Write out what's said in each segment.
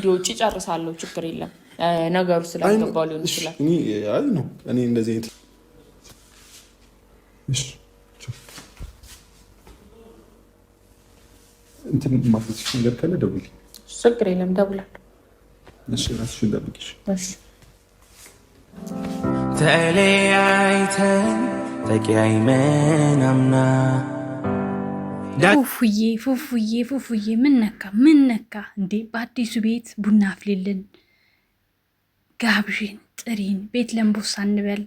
ከቪዲዮ ውጭ ጨርሳለሁ። ችግር የለም። ነገሩ ስላልገባው ሊሆን ይችላል። ነው እኔ እንደዚህ አይነት እንትን ማስሽ ነገር ካለ ደውል። ችግር የለም። ደውላል። ራስሽን ጠብቂሽ። ተለያይተን ተቀያይመን አምና ፉፉዬ ፉፉዬ ፉፉዬ ምን ነካ ምን ነካ እንዴ? በአዲሱ ቤት ቡና አፍሌልን ጋብዥን፣ ጥሪን፣ ቤት ለንቦሳ እንበል።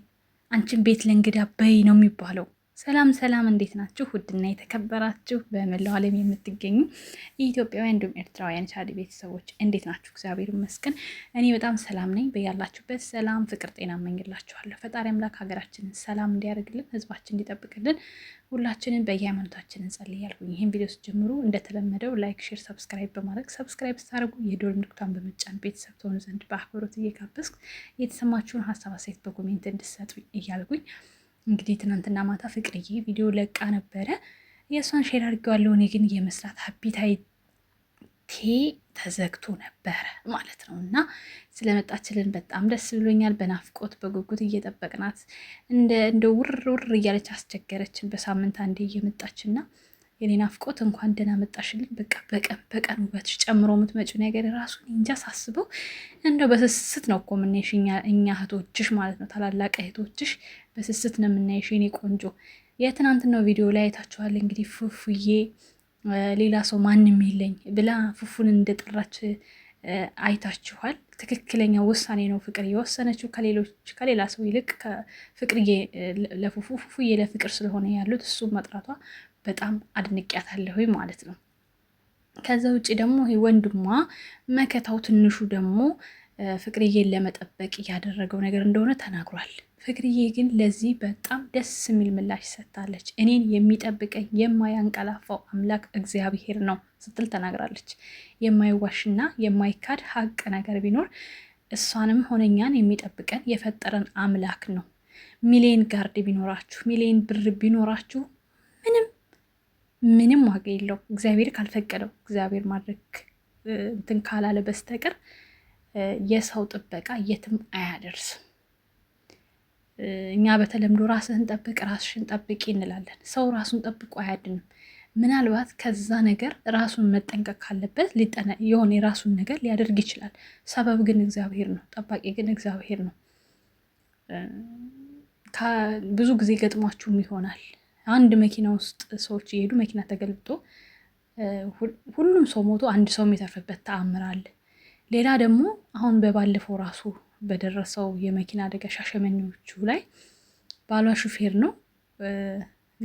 አንቺን ቤት ለእንግዳ በይ ነው የሚባለው። ሰላም ሰላም፣ እንዴት ናችሁ? ውድና የተከበራችሁ በመላው ዓለም የምትገኙ ኢትዮጵያውያን እንዲሁም ኤርትራውያን ቻድ ቤተሰቦች እንዴት ናችሁ? እግዚአብሔር ይመስገን እኔ በጣም ሰላም ነኝ። በያላችሁበት ሰላም፣ ፍቅር፣ ጤና እመኝላችኋለሁ። ፈጣሪ አምላክ ሀገራችንን ሰላም እንዲያደርግልን፣ ህዝባችን እንዲጠብቅልን ሁላችንን በየሃይማኖታችን እንጸልይ ያልኩኝ። ይህን ቪዲዮ ስጀምሩ እንደተለመደው ላይክ፣ ሼር፣ ሰብስክራይብ በማድረግ ሰብስክራይብ ስታደርጉ የዶር ምልክቷን በመጫን ቤተሰብ ትሆኑ ዘንድ በአክብሮት እየጋበዝኩ የተሰማችሁን ሀሳብ አስተያየት በኮሜንት እንድሰጡ እያልኩኝ እንግዲህ ትናንትና ማታ ፍቅርዬ ቪዲዮ ለቃ ነበረ። የእሷን ሼር አድርጌዋለሁ። እኔ ግን የመስራት ቴ ተዘግቶ ነበረ ማለት ነው። እና ስለመጣችልን በጣም ደስ ብሎኛል። በናፍቆት በጉጉት እየጠበቅናት እንደ ውር ውር እያለች አስቸገረችን። በሳምንት አንዴ እየመጣችና የኔ ናፍቆት እንኳን ደህና መጣሽልኝ። በቃ በቀን በቀን ውበትሽ ጨምሮ የምትመጪው ነገር ራሱ እንጃ ሳስበው እንደው በስስት ነው እኮ የምናይሽ እኛ እህቶችሽ ማለት ነው ታላላቅ እህቶችሽ በስስት ነው የምናይሽ የኔ ቆንጆ። የትናንትናው ቪዲዮ ላይ አይታችኋል እንግዲህ ፉፉዬ ሌላ ሰው ማንም የለኝ ብላ ፉፉን እንደጠራች አይታችኋል። ትክክለኛ ውሳኔ ነው ፍቅር የወሰነችው። ከሌሎች ከሌላ ሰው ይልቅ ፍቅርዬ ለፉፉ ፉፉዬ ለፍቅር ስለሆነ ያሉት እሱ መጥራቷ በጣም አድንቂያታለሁ ማለት ነው። ከዛ ውጭ ደግሞ ወንድሟ መከታው ትንሹ ደግሞ ፍቅርዬን ለመጠበቅ ያደረገው ነገር እንደሆነ ተናግሯል። ፍቅርዬ ግን ለዚህ በጣም ደስ የሚል ምላሽ ሰጥታለች። እኔን የሚጠብቀኝ የማያንቀላፋው አምላክ እግዚአብሔር ነው ስትል ተናግራለች። የማይዋሽና የማይካድ ሀቅ ነገር ቢኖር እሷንም ሆነኛን የሚጠብቀን የፈጠረን አምላክ ነው። ሚሊየን ጋርድ ቢኖራችሁ፣ ሚሊየን ብር ቢኖራችሁ ምንም ምንም ዋጋ የለው። እግዚአብሔር ካልፈቀደው እግዚአብሔር ማድረግ እንትን ካላለ በስተቀር የሰው ጥበቃ የትም አያደርስም። እኛ በተለምዶ ራስህን ጠብቅ፣ ራስሽን ጠብቂ እንላለን። ሰው ራሱን ጠብቆ አያድንም። ምናልባት ከዛ ነገር ራሱን መጠንቀቅ ካለበት የሆነ የራሱን ነገር ሊያደርግ ይችላል። ሰበብ ግን እግዚአብሔር ነው፣ ጠባቂ ግን እግዚአብሔር ነው። ብዙ ጊዜ ገጥሟችሁም ይሆናል አንድ መኪና ውስጥ ሰዎች እየሄዱ መኪና ተገልብጦ ሁሉም ሰው ሞቶ አንድ ሰው የሚተርፍበት ተአምር አለ። ሌላ ደግሞ አሁን በባለፈው ራሱ በደረሰው የመኪና አደጋ ሻሸመኔዎቹ ላይ ባሏ ሹፌር ነው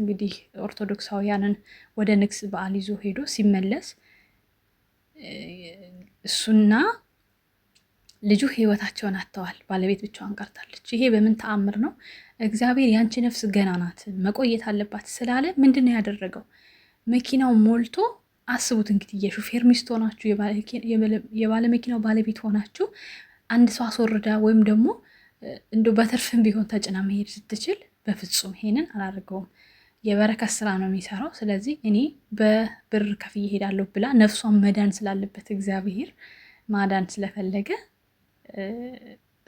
እንግዲህ ኦርቶዶክሳውያንን ወደ ንግስ በዓል ይዞ ሄዶ ሲመለስ እሱና ልጁ ህይወታቸውን አጥተዋል። ባለቤት ብቻዋን ቀርታለች። ይሄ በምን ተአምር ነው? እግዚአብሔር ያንቺ ነፍስ ገና ናት መቆየት አለባት ስላለ ምንድን ነው ያደረገው? መኪናው ሞልቶ አስቡት እንግዲህ የሹፌር ሚስት ሆናችሁ የባለ መኪናው ባለቤት ሆናችሁ አንድ ሰው አስወርዳ ወይም ደግሞ እንደ በትርፍም ቢሆን ተጭና መሄድ ስትችል በፍጹም ይሄንን አላደርገውም። የበረከት ስራ ነው የሚሰራው። ስለዚህ እኔ በብር ከፍዬ እሄዳለሁ ብላ ነፍሷን መዳን ስላለበት እግዚአብሔር ማዳን ስለፈለገ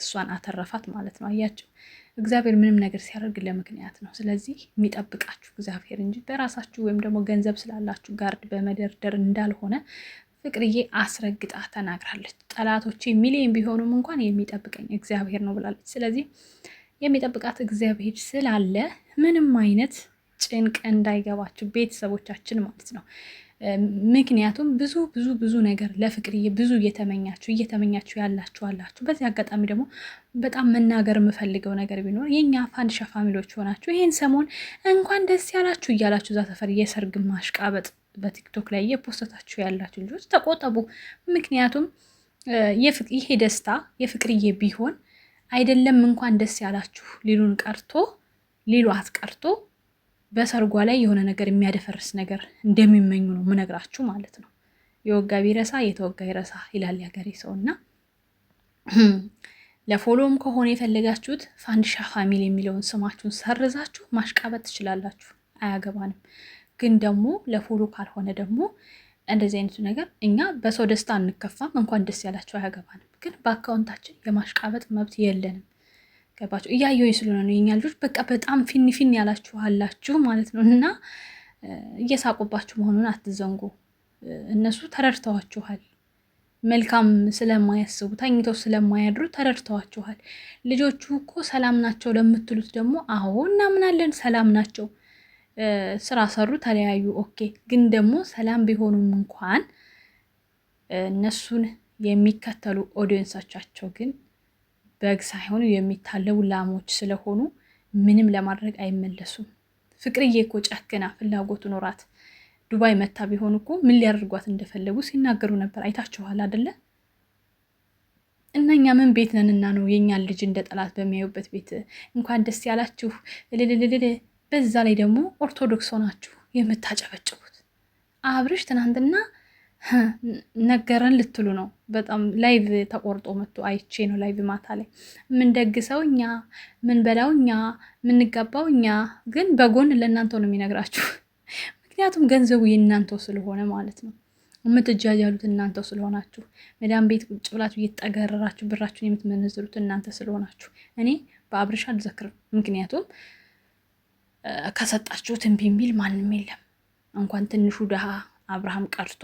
እሷን አተረፋት ማለት ነው። አያችሁ እግዚአብሔር ምንም ነገር ሲያደርግ ለምክንያት ነው። ስለዚህ የሚጠብቃችሁ እግዚአብሔር እንጂ በራሳችሁ ወይም ደግሞ ገንዘብ ስላላችሁ ጋርድ በመደርደር እንዳልሆነ ፍቅርዬ አስረግጣ ተናግራለች። ጠላቶቼ ሚሊየን ቢሆኑም እንኳን የሚጠብቀኝ እግዚአብሔር ነው ብላለች። ስለዚህ የሚጠብቃት እግዚአብሔር ስላለ ምንም አይነት ጭንቅ እንዳይገባችሁ ቤተሰቦቻችን ማለት ነው። ምክንያቱም ብዙ ብዙ ብዙ ነገር ለፍቅርዬ ብዙ እየተመኛችሁ እየተመኛችሁ ያላችሁ አላችሁ። በዚህ አጋጣሚ ደግሞ በጣም መናገር የምፈልገው ነገር ቢኖር የኛ ፋንድሻ ፋሚሊዎች ሆናችሁ ይህን ሰሞን እንኳን ደስ ያላችሁ እያላችሁ እዛ ሰፈር የሰርግ ማሽቃበጥ በቲክቶክ ላይ እየፖስተታችሁ ያላችሁ ልጆች ተቆጠቡ። ምክንያቱም ይሄ ደስታ የፍቅርዬ ቢሆን አይደለም እንኳን ደስ ያላችሁ ሊሉን ቀርቶ ሊሉ አትቀርቶ በሰርጓ ላይ የሆነ ነገር የሚያደፈርስ ነገር እንደሚመኙ ነው ምነግራችሁ ማለት ነው። የወጋ ቢረሳ የተወጋ ይረሳ ይላል ያገሬ ሰው እና ለፎሎም ከሆነ የፈለጋችሁት ፋንድሻ ፋሚሊ የሚለውን ስማችሁን ሰርዛችሁ ማሽቃበጥ ትችላላችሁ። አያገባንም። ግን ደግሞ ለፎሎ ካልሆነ ደግሞ እንደዚህ አይነቱ ነገር እኛ በሰው ደስታ አንከፋም። እንኳን ደስ ያላችሁ አያገባንም። ግን በአካውንታችን የማሽቃበጥ መብት የለንም። ገባችሁ? እያየሁኝ ስለሆነ ነው የኛ ልጆች። በቃ በጣም ፊኒ ፊን ያላችኋላችሁ ማለት ነው። እና እየሳቁባችሁ መሆኑን አትዘንጉ። እነሱ ተረድተዋችኋል። መልካም ስለማያስቡ ተኝተው ስለማያድሩ ተረድተዋችኋል። ልጆቹ እኮ ሰላም ናቸው ለምትሉት ደግሞ አዎ እናምናለን፣ ሰላም ናቸው። ስራ ሰሩ፣ ተለያዩ፣ ኦኬ። ግን ደግሞ ሰላም ቢሆኑም እንኳን እነሱን የሚከተሉ ኦዲየንሶቻቸው ግን በግ ሳይሆኑ የሚታለቡ ላሞች ስለሆኑ ምንም ለማድረግ አይመለሱም። ፍቅርዬ እኮ ጨክና ፍላጎቱ ኖራት ዱባይ መታ ቢሆን እኮ ምን ሊያደርጓት እንደፈለጉ ሲናገሩ ነበር። አይታችኋል አደለ? እና እኛ ምን ቤት ነንና ነው የእኛን ልጅ እንደ ጠላት በሚያዩበት ቤት። እንኳን ደስ ያላችሁ ልልልልል። በዛ ላይ ደግሞ ኦርቶዶክስ ሆናችሁ የምታጨበጭቡት አብርሽ ትናንትና ነገረን ልትሉ ነው። በጣም ላይቭ ተቆርጦ መጥቶ አይቼ ነው። ላይቭ ማታ ላይ የምንደግሰው እኛ፣ የምንበላው እኛ፣ የምንጋባው እኛ፣ ግን በጎን ለእናንተው ነው የሚነግራችሁ። ምክንያቱም ገንዘቡ የእናንተው ስለሆነ ማለት ነው። የምትጃጃሉት እናንተው ስለሆናችሁ፣ መዳም ቤት ቁጭ ብላችሁ እየተጠገረራችሁ ብራችሁን የምትመነዝሩት እናንተ ስለሆናችሁ እኔ በአብርሽ አልዘክርም። ምክንያቱም ከሰጣችሁት እምቢ የሚል ማንም የለም። እንኳን ትንሹ ድሃ አብርሃም ቀርቶ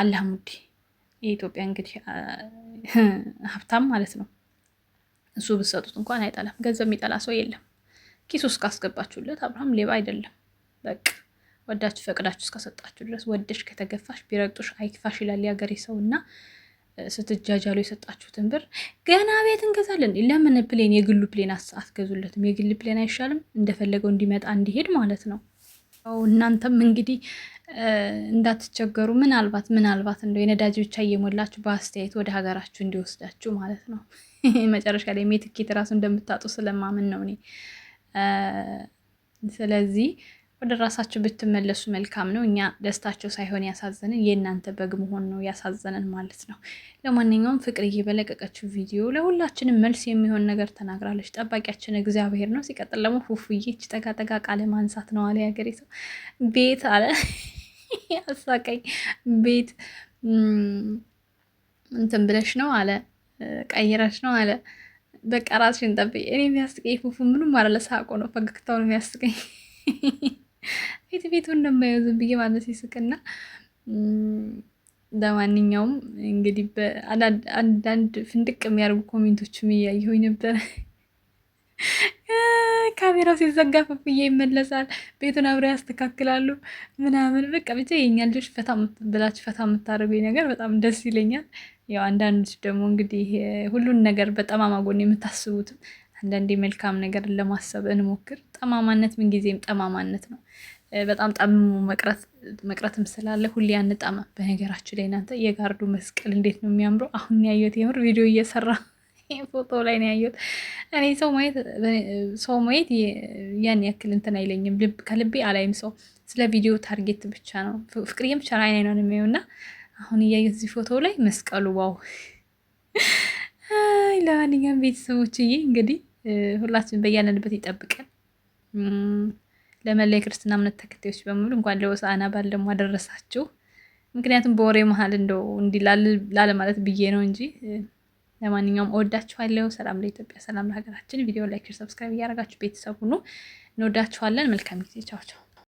አላሙዲ የኢትዮጵያ እንግዲህ ሀብታም ማለት ነው። እሱ ብትሰጡት እንኳን አይጠላም። ገንዘብ የሚጠላ ሰው የለም። ኪስ ውስጥ ካስገባችሁለት አብርሃም ሌባ አይደለም። በቃ ወዳችሁ ፈቅዳችሁ እስከሰጣችሁ ድረስ ወደሽ ከተገፋሽ ቢረግጡሽ አይክፋሽ ይላል የሀገሬ ሰው እና ስትጃጃሉ የሰጣችሁትን ብር ገና ቤት እንገዛለን። ለምን ፕሌን የግሉ ፕሌን አትገዙለትም? የግል ፕሌን አይሻልም? እንደፈለገው እንዲመጣ እንዲሄድ ማለት ነው። እናንተም እንግዲህ እንዳትቸገሩ ምናልባት ምናልባት እንደው የነዳጅ ብቻ እየሞላችሁ በአስተያየት ወደ ሀገራችሁ እንዲወስዳችሁ ማለት ነው። መጨረሻ ላይ ሜትኬት ራሱ እንደምታጡ ስለማምን ነው እኔ ስለዚህ ወደ ራሳቸው ብትመለሱ መልካም ነው። እኛ ደስታቸው ሳይሆን ያሳዘንን የእናንተ በግ መሆን ነው ያሳዘንን ማለት ነው። ለማንኛውም ፍቅርዬ በለቀቀችው ቪዲዮ ለሁላችንም መልስ የሚሆን ነገር ተናግራለች። ጠባቂያችን እግዚአብሔር ነው። ሲቀጥል ደግሞ ፉፉዬ ይች ጠጋጠጋ ቃለ ማንሳት ነው አለ ያገሬ ሰው ቤት አለ አሳቀኝ ቤት እንትን ብለሽ ነው አለ ቀይረሽ ነው አለ በቃ ራስሽን ጠብቂ። እኔ የሚያስቀኝ ፉፉ ምንም አላለ ሳቆ ነው ፈገግታው ነው የሚያስቀኝ። ቤት ቤቱ እንደማየው ዝም ብዬ ማለት ሲስቅና ለማንኛውም እንግዲህ አንዳንድ ፍንድቅ የሚያደርጉ ኮሜንቶችም እያየሁኝ ነበር። ካሜራው ሲዘጋ ፈፍዬ ይመለሳል፣ ቤቱን አብረው ያስተካክላሉ ምናምን። በቃ ብቻ የኛ ልጆች ፈታ ብላችሁ ፈታ የምታደርጉኝ ነገር በጣም ደስ ይለኛል። ያው አንዳንዶች ደግሞ እንግዲህ ሁሉን ነገር በጠማማ ጎን የምታስቡትም አንዳንዴ መልካም ነገር ለማሰብ እንሞክር። ጠማማነት ምንጊዜም ጠማማነት ነው። በጣም ጠምሞ መቅረትም ስላለ ሁሌ አንጠመም። በነገራችን ላይ እናንተ የጋርዱ መስቀል እንዴት ነው የሚያምረው! አሁን ያየሁት የምር ቪዲዮ እየሰራ ፎቶ ላይ ነው ያየሁት። እኔ ሰው ማየት ሰው ማየት ያን ያክል እንትን አይለኝም፣ ከልቤ አላይም ሰው ስለ ቪዲዮ ታርጌት ብቻ ነው። ፍቅርዬም ብቻ አይን ነው የሚየው እና አሁን እያየሁት እዚህ ፎቶ ላይ መስቀሉ ዋው። ለማንኛውም ቤተሰቦችዬ እንግዲህ ሁላችን በያለንበት ይጠብቀን። ለመላ የክርስትና እምነት ተከታዮች በሙሉ እንኳን ለሆሳዕና በዓል ደግሞ አደረሳችሁ። ምክንያቱም በወሬ መሀል እንደው እንዲህ ላለማለት ብዬ ነው እንጂ ለማንኛውም እወዳችኋለሁ። ሰላም ለኢትዮጵያ፣ ሰላም ለሀገራችን። ቪዲዮ ላይክ፣ ሰብስክራይብ እያደረጋችሁ ቤተሰብ ሁኑ። እንወዳችኋለን። መልካም ጊዜ። ቻው ቻው።